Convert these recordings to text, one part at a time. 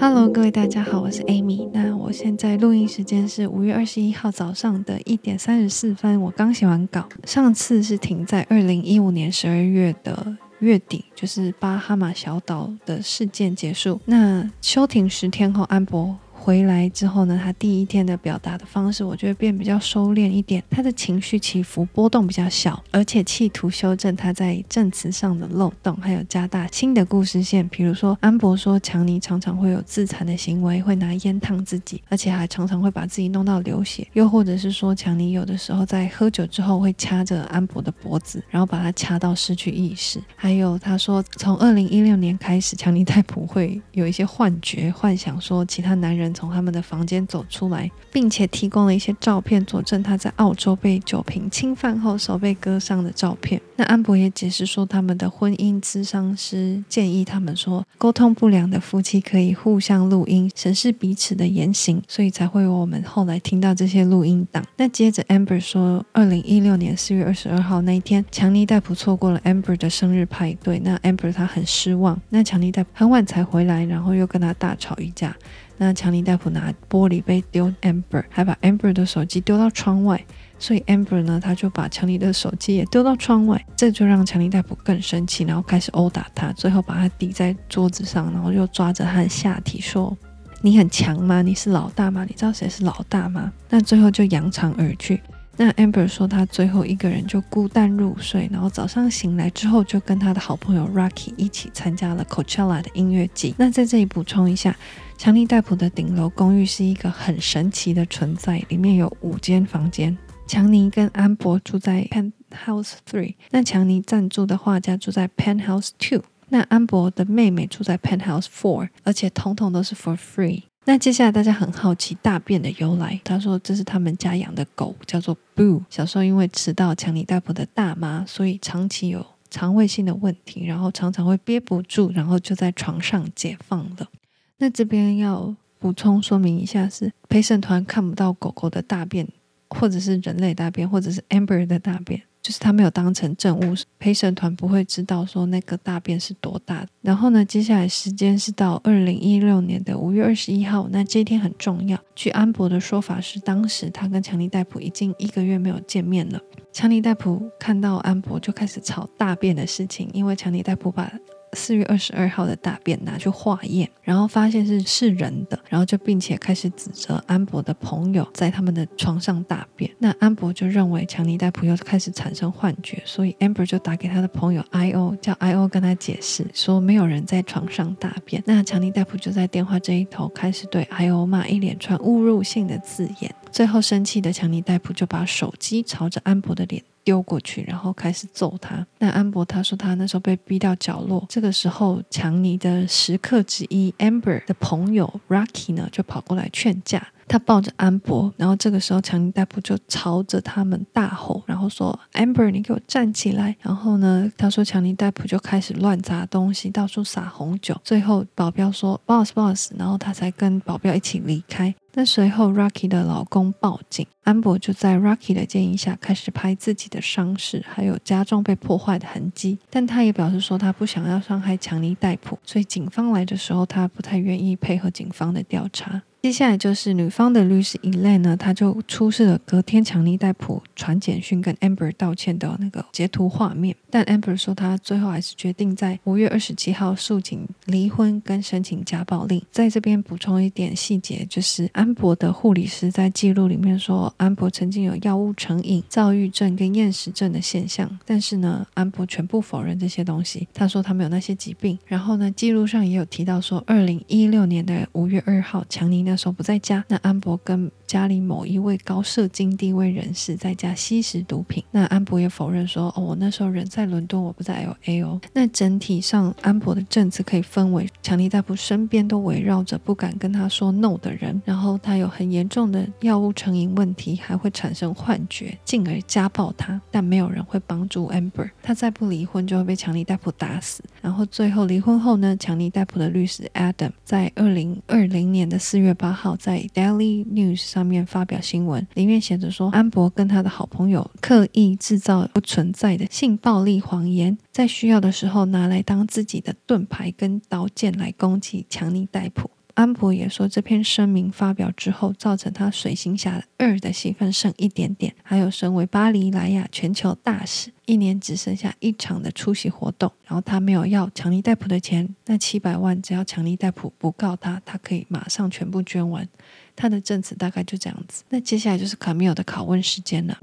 Hello，各位大家好，我是 Amy。那我現在錄音時間是五月二十一號早上的一點三十四分，我剛寫完稿。上次是停在二零一五年十二月的月底，就是巴哈馬小島的事件結束。那休庭十天後，安柏。回來之後呢，他第一天的表達的方式，我覺得變比較收斂一點，他的情緒起伏波動比較小，而且企圖修正他在證詞上的漏洞，還有加大新的故事線，比如說安柏說強尼常常會有自殘的行為，會拿菸燙自己，而且還常常會把自己弄到流血，又或者是說強尼有的時候在喝酒之後會掐着安柏的脖子，然後把他掐到失去意識，還有他說從二零一六年開始，強尼戴普會有一些幻覺，幻想說其他男人。從他們的房間走出來，並且提供了一些照片佐證他在澳洲被酒瓶侵犯後手被割傷的照片。那安柏也解釋說，他們的婚姻諮商師建議他們說，溝通不良的夫妻可以互相錄音，審視彼此的言行，所以才會有我們後來聽到這些錄音檔。那接着 Amber 說，二零一六年四月二十二號那一天，強尼戴普錯過了 Amber 的生日派對，那 Amber 他很失望。那強尼戴普很晚才回來，然後又跟他大吵一架。那強尼戴普拿玻璃杯丟 Amber，還把 Amber 的手機丟到窗外，所以 Amber 呢，他就把強尼的手機也丟到窗外，這就讓強尼戴普更生氣，然後開始毆打他，最後把他抵在桌子上，然後又抓着他的下體說：“你很強嗎？你是老大嗎？你知道誰是老大嗎？”那最後就揚長而去。那 Amber 說，她最後一個人就孤單入睡，然後早上醒來之後，就跟她的好朋友 Rocky 一起參加了 Coachella 的音樂節。那在這裡補充一下，強尼戴普的頂樓公寓是一個很神奇的存在，裡面有五間房間。強尼跟安柏住在 Penthouse Three，那強尼贊助的畫家住在 Penthouse Two，那安柏的妹妹住在 Penthouse Four，而且統統都是 for free。那接下來大家很好奇大便的由來。他說這是他們家養的狗，叫做 Boo。小時候因為吃到強尼大伯的大媽，所以長期有腸胃性的問題，然後常常會憋不住，然後就在床上解放了。那這邊要補充說明一下是，是陪審團看不到狗狗的大便，或者是人類大便，或者是 Amber 的大便。就是他沒有當成證物，陪審團不會知道說那個大便是多大。然後呢，接下來時間是到二零一六年的五月二十一號，那這一天很重要。據安博的說法是，當時他跟強尼戴普已經一個月沒有見面了。強尼戴普看到安博就開始吵大便的事情，因為強尼戴普把四月二十二號的大便拿去化驗，然後發現是是人的，然後就並且開始指責安柏的朋友在他們的床上大便。那安柏就認為強尼戴普又開始產生幻覺，所以 Amber 就打給他的朋友 IO，叫 IO 跟他解釋說沒有人在床上大便。那強尼戴普就在電話這一頭開始對 IO 罵一連串侮辱性的字眼。最後，生氣的強尼戴普就把手機朝着安柏的臉丟過去，然後開始揍他。那安柏他說他那時候被逼到角落。這個時候，強尼的食客之一 Amber 的朋友 Rocky 呢就跑過來勸架。他抱着安柏，然後這個時候強尼戴普就朝着他們大吼，然後說：“Amber，你給我站起來！”然後呢，他說強尼戴普就開始亂砸東西，到處撒紅酒。最後保鏢說：“Boss，Boss！” boss, 然後他才跟保鏢一起離開。但隨後，Rocky 的老公報警，安柏就在 Rocky 的建議下開始拍自己的傷勢，還有家中被破壞的痕跡。但他也表示說，他不想要傷害強尼戴普，所以警方來的時候，他不太願意配合警方的調查。接下來就是女方的律師 Elaine 呢，他就出示了隔天強尼戴普傳簡訊跟 Amber 道歉的那個截圖畫面。但 Amber 說，他最後還是決定在五月二十七號訴請離婚跟申請家暴令。在這邊補充一點細節，就是安博的護理師在記錄裡面說，安博曾經有藥物成癮、躁鬱症跟厭食症的現象，但是呢，安博全部否認這些東西。他說他沒有那些疾病。然後呢，記錄上也有提到說，二零一六年的五月二號，強尼那時候不在家，那安博跟家裡某一位高社經地位人士在家吸食毒品。那安博也否認說，哦，我那時候人在。在倫敦，我不在 L.A. 哦。那整體上，安柏的證詞可以分為：強尼戴普身邊都圍繞着不敢跟他說 no 的人，然後他有很嚴重的藥物成癮問題，還會產生幻覺，進而家暴他。但沒有人會幫助 Amber，他再不離婚就會被強尼戴普打死。然後最後離婚後呢？強尼戴普的律師 Adam 在二零二零年的四月八號在 Daily News 上面發表新聞，裡面寫着說：安柏跟他的好朋友刻意制造不存在的性暴力。立謊言，在需要的時候拿來當自己的盾牌跟刀劍來攻擊強尼戴普。安柏也說這篇聲明發表之後，造成他《水行俠二》的戲份剩一點點，還有身為巴黎萊雅全球大使，一年只剩下一場的出席活動。然後他沒有要強尼戴普的錢，那七百萬只要強尼戴普不告他，他可以馬上全部捐完。他的證詞大概就這樣子。那接下來就是卡米爾的拷問時間了。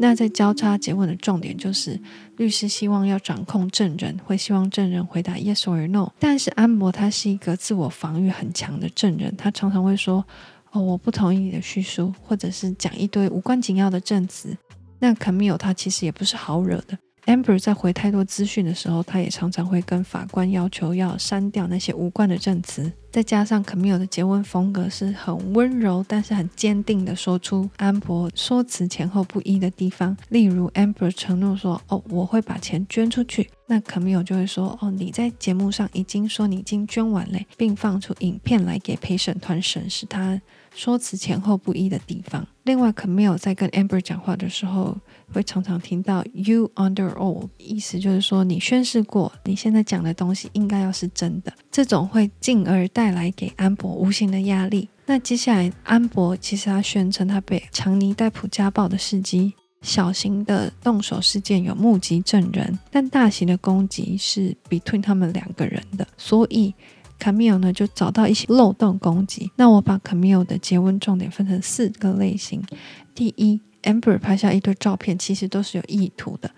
那在交叉詰問的重點就是，律師希望要掌控證人，會希望證人回答 yes or no。但是安柏他是一個自我防禦很強的證人，他常常會說：“哦，我不同意你的敘述，或者是講一堆無關緊要的證詞。”那 Camille 他其實也不是好惹的。Amber 在回太多資訊的時候，他也常常會跟法官要求要刪掉那些無關的證詞。再加上 Camille 的詰問風格是很溫柔，但是很堅定地說出安博說辭前後不一的地方。例如，Amber 承諾說：“哦，我會把錢捐出去。”那 Camille 就會說：“哦，你在節目上已經說你已經捐完了”，並放出影片來給陪審團審視他說辭前後不一的地方。”另外，Camille 在跟 Amber 講話的時候，會常常聽到 "You under oath"，意思就是說你宣誓過，你現在講的東西應該要是真的。這種會進而帶來給安博無形的壓力。那接下來安博其實他宣稱他被強尼戴普家暴的事蹟，小型的動手事件有目擊證人，但大型的攻擊是 Between 他們兩個人的，所以。卡米爾呢，就找到一些漏洞攻擊。那我把卡米爾的結論重點分成四個類型。第一，Amber 拍下一堆照片，其實都是有意圖的，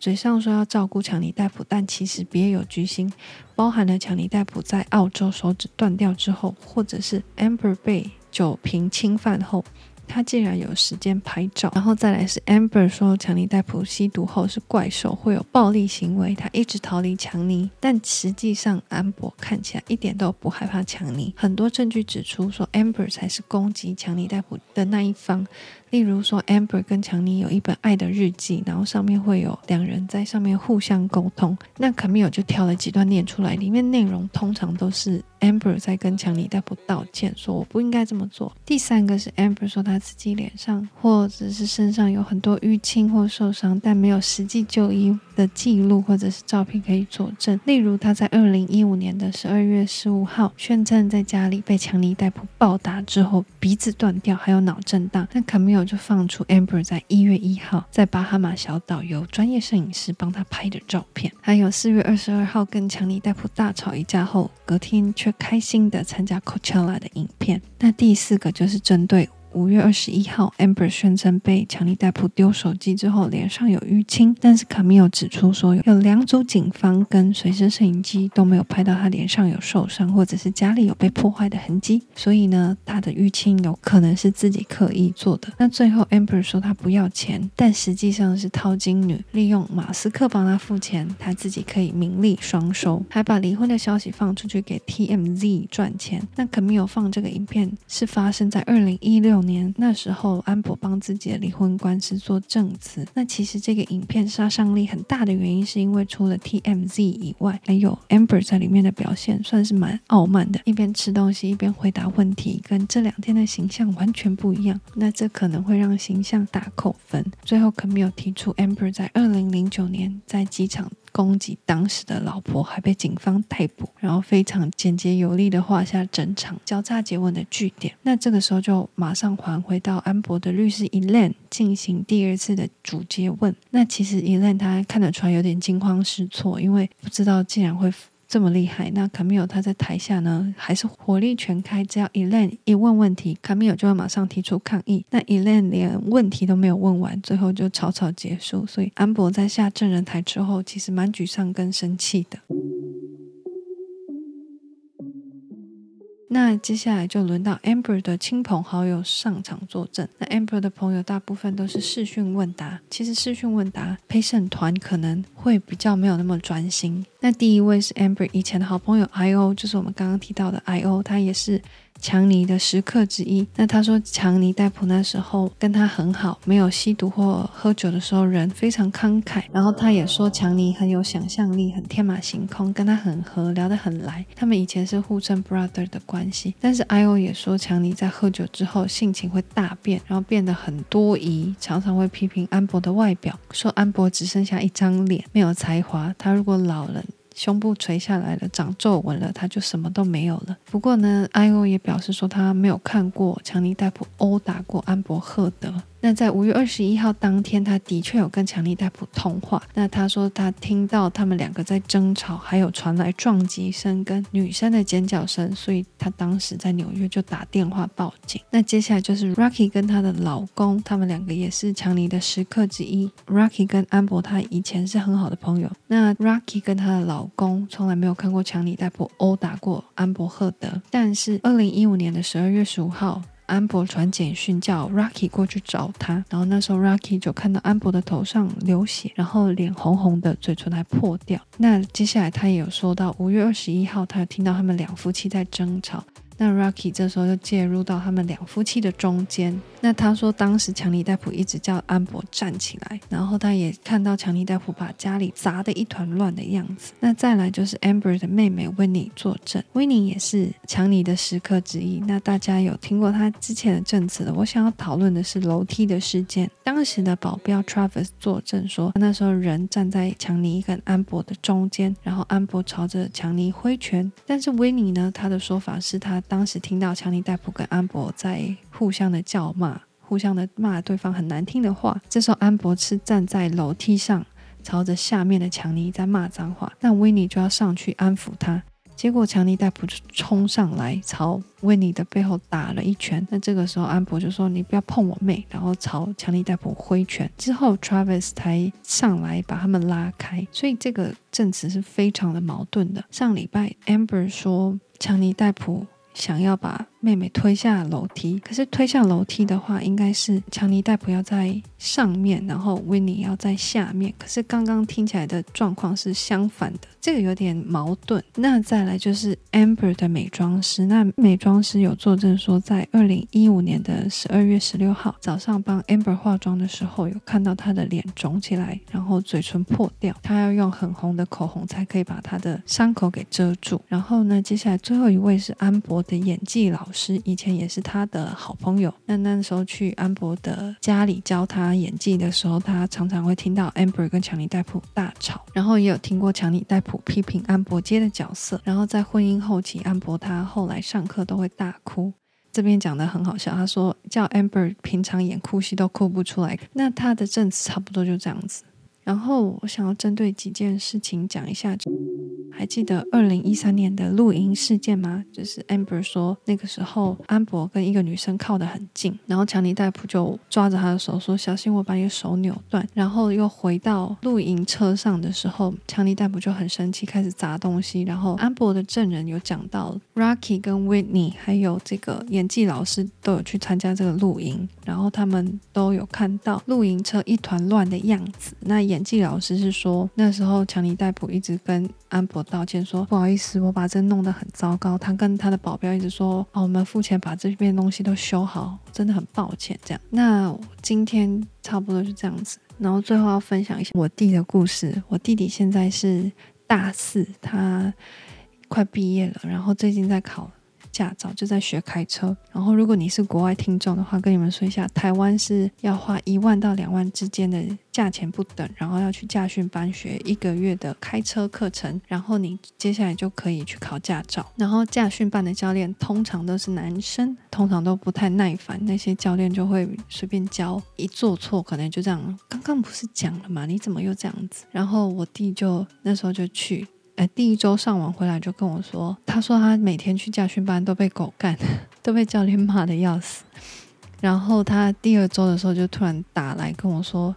嘴上說要照顧強尼戴普，但其實別有居心，包含了強尼戴普在澳洲手指斷掉之後，或者是 Amber 被酒瓶侵犯後。他竟然有時間拍照，然後再來是 Amber 說，強尼戴普吸毒後是怪獸，會有暴力行為，他一直逃離強尼，但實際上安博看起來一點都不害怕強尼，很多證據指出說 Amber 才是攻擊強尼戴普的那一方。例如說，Amber 跟強尼有一本愛的日記，然後上面會有兩人在上面互相溝通。那 Camille 就挑了幾段念出來，裡面內容通常都是 Amber 在跟強尼戴普道歉，說我不應該這麼做。第三個是 Amber 說他自己臉上或者是身上有很多淤青或受傷，但沒有實際就醫的記錄或者是照片可以佐證。例如他在二零一五年的十二月十五號宣稱在家裡被強尼戴普暴打之後鼻子斷掉，還有腦震盪。那 Camille。就放出 Amber 在一月一號在巴哈馬小島由專業攝影師幫她拍的照片，還有四月二十二號跟強尼戴普大吵一架後，隔天却開心的參加 Coachella 的影片。那第四個就是針對。五月二十一號，Amber 宣稱被強尼戴普丟手機之後，臉上有淤青。但是 Camille 指出說有，有兩組警方跟隨身攝影機都沒有拍到他臉上有受傷，或者是家裡有被破壞的痕迹。所以呢，他的淤青有可能是自己刻意做的。那最後，Amber 說他不要錢，但實際上是淘金女，利用馬斯克幫他付錢，他自己可以名利雙收，還把離婚的消息放出去給 TMZ 賺錢。那 Camille 放這個影片是發生在二零一六。年那時候，安柏幫自己的離婚官司做證詞。那其實這個影片殺傷力很大的原因，是因為除了 TMZ 以外，還有 Amber 在裡面的表現算是蠻傲慢的，一邊吃東西一邊回答問題，跟這兩天的形象完全不一樣。那這可能會讓形象大扣分。最後可沒有提出 Amber 在二零零九年在機場。攻擊當時的老婆，還被警方逮捕，然後非常簡潔有力的畫下整場交叉詰問的句點。那這個時候就馬上還回到安博的律師 Elaine 進行第二次的主詰問。那其實 Elaine 他看得出來有點驚慌失措，因為不知道竟然會。這麼厲害，那卡米爾他在台下呢，還是火力全開？只要伊蓮一問問題，卡米爾就會馬上提出抗議。那伊蓮連問題都沒有問完，最後就草草結束。所以安柏在下證人台之後，其實蠻沮喪跟生氣的。那接下來就輪到 Amber 的親朋好友上場作證。那 Amber 的朋友大部分都是視訊問答，其實視訊問答陪審團可能會比較沒有那麼專心。那第一位是 Amber 以前的好朋友 Io，就是我們剛剛提到的 Io，他也是。強尼的時刻之一。那他說，強尼戴普那時候跟他很好，沒有吸毒或喝酒的時候，人非常慷慨。然後他也說，強尼很有想象力很天馬行空，跟他很合，聊得很來。他們以前是互稱 brother 的關係。但是艾 o 也說，強尼在喝酒之後性情會大變，然後變得很多疑，常常會批評安博的外表，說安博只剩下一張臉，沒有才華。他如果老了。胸部垂下來了，長皺紋了，她就什麼都沒有了。不過呢，艾歐也表示說，他沒有看過強尼戴普毆打過安柏赫德。那在五月二十一號當天，他的確有跟強尼戴普通話。那他說他聽到他們兩個在爭吵，還有傳來撞擊聲跟女生的尖叫聲，所以他當時在紐約就打電話報警。那接下來就是 Rocky 跟她的老公，他們兩個也是強尼的時刻之一。Rocky 跟安柏他以前是很好的朋友。那 Rocky 跟她的老公從來沒有看過強尼戴普毆打過安柏赫德，但是二零一五年的十二月十五號。安柏傳簡訊叫 Rocky 過去找他，然後那時候 Rocky 就看到安柏的頭上流血，然後臉紅紅的，嘴唇還破掉。那接下來他也有說到，五月二十一號，他有聽到他們兩夫妻在爭吵。那 Rocky 這時候就介入到他們兩夫妻的中間。那他說，當時強尼戴普一直叫安博站起來，然後他也看到強尼戴普把家裡砸得一團亂的樣子。那再來就是 Amber 的妹妹 Winny 作證，Winny 也是強尼的食客之一。那大家有聽過他之前的證詞？我想要討論的是樓梯的事件。當時的保鏢 Travis 作證說，那時候人站在強尼跟安博的中間，然後安博朝着強尼揮拳。但是 Winny 呢，他的說法是他。當時聽到強尼戴普跟安柏在互相的叫罵，互相的罵對方很難聽的話。這時候安柏是站在樓梯上，朝着下面的強尼在罵髒話。那威尼就要上去安撫他，結果強尼戴普就衝上來朝威尼的背後打了一拳。那這個時候安柏就說：“你不要碰我妹！”然後朝強尼戴普揮拳。之後 Travis 才上來把他們拉開。所以這個證詞是非常的矛盾的。上禮拜 Amber 說強尼戴普。想要把。妹妹推下樓梯，可是推下樓梯的話，應該是強尼戴普要在上面，然後 Winnie 要在下面。可是剛剛聽起來的狀況是相反的，這個有點矛盾。那再來就是 Amber 的美妝師，那美妝師有作證說，在二零一五年的十二月十六號早上幫 Amber 化妝的時候，有看到她的臉腫起來，然後嘴唇破掉，她要用很紅的口紅才可以把她的傷口給遮住。然後呢，接下來最後一位是安博的演技老師。是以前也是他的好朋友，那那時候去安柏的家裡教他演技的時候，他常常會聽到 Amber 跟強尼戴普大吵，然後也有聽過強尼戴普批評安柏接的角色，然後在婚姻後期，安柏他後來上課都會大哭，這邊講得很好笑，他說叫 Amber 平常演哭戲都哭不出來，那他的證詞差不多就這樣子。然後我想要針對幾件事情講一下，還記得二零一三年的露營事件嗎？就是 Amber 說那個時候安博跟一個女生靠得很近，然後強尼戴普就抓着她的手說，小心我把你的手扭斷。然後又回到露營車上的時候，強尼戴普就很生氣，開始砸東西。然後安博的證人有講到，Rocky 跟 Whitney 還有這個演技老師都有去參加這個露營，然後他們都有看到露營車一團亂的樣子。那演演技老師是說，那時候強尼戴普一直跟安柏道歉說，說不好意思，我把這弄得很糟糕。他跟他的保鏢一直說，哦，我們付錢把這邊東西都修好，真的很抱歉。這樣，那今天差不多就這樣子。然後最後要分享一下我弟的故事。我弟弟現在是大四，他快畢業了，然後最近在考。駕照，就在學開車，然後如果你是國外聽眾的話，跟你們說一下，台灣是要花一萬到兩萬之間的價錢不等，然後要去駕訓班學一個月的開車課程，然後你接下來就可以去考駕照。然後駕訓班的教練通常都是男生，通常都不太耐煩，那些教練就會隨便教，一做錯可能就這樣。剛剛不是講了嘛？你怎麼又這樣子？然後我弟就那時候就去。哎，第一週上完回來就跟我說，他說他每天去駕訓班都被狗幹，都被教練罵得要死。然後他第二週的時候就突然打來跟我說，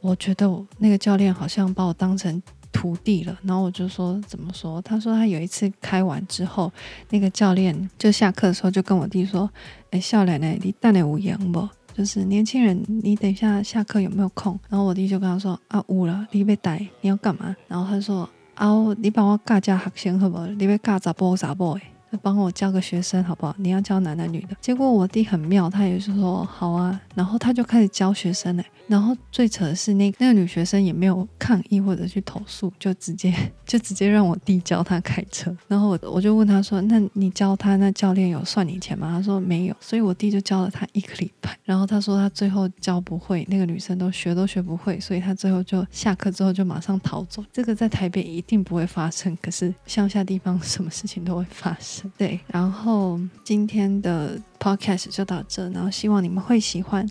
我覺得我那個教練好像把我當成徒弟了。然後我就說怎麼說？他說他有一次開完之後，那個教練就下課的時候就跟我弟說：“哎、欸，少奶奶，你大年五陽不？就是年輕人，你等一下下課有沒有空？”然後我弟就跟他說：“啊，無了，你被逮，你要幹嘛？”然後他說。哦、啊，你幫我教教學生，好不好？你別教咋播咋播，誒，幫我教個學生，好不好？你要教男的女的。結果我弟很妙，他也是說好啊，然後他就開始教學生嘞。然後最扯的是，那個，那那個女學生也沒有抗議或者去投訴，就直接就直接讓我弟教她開車。然後我我就問他說：“那你教他，那教練有算你錢嗎？”他說：“沒有。”所以，我弟就教了他一個禮拜。然後他說他最後教不會，那個女生都學都學不會，所以他最後就下課之後就馬上逃走。這個在台北一定不會發生，可是鄉下地方什麼事情都會發生。對，然後今天的 podcast 就到這，然後希望你們會喜歡。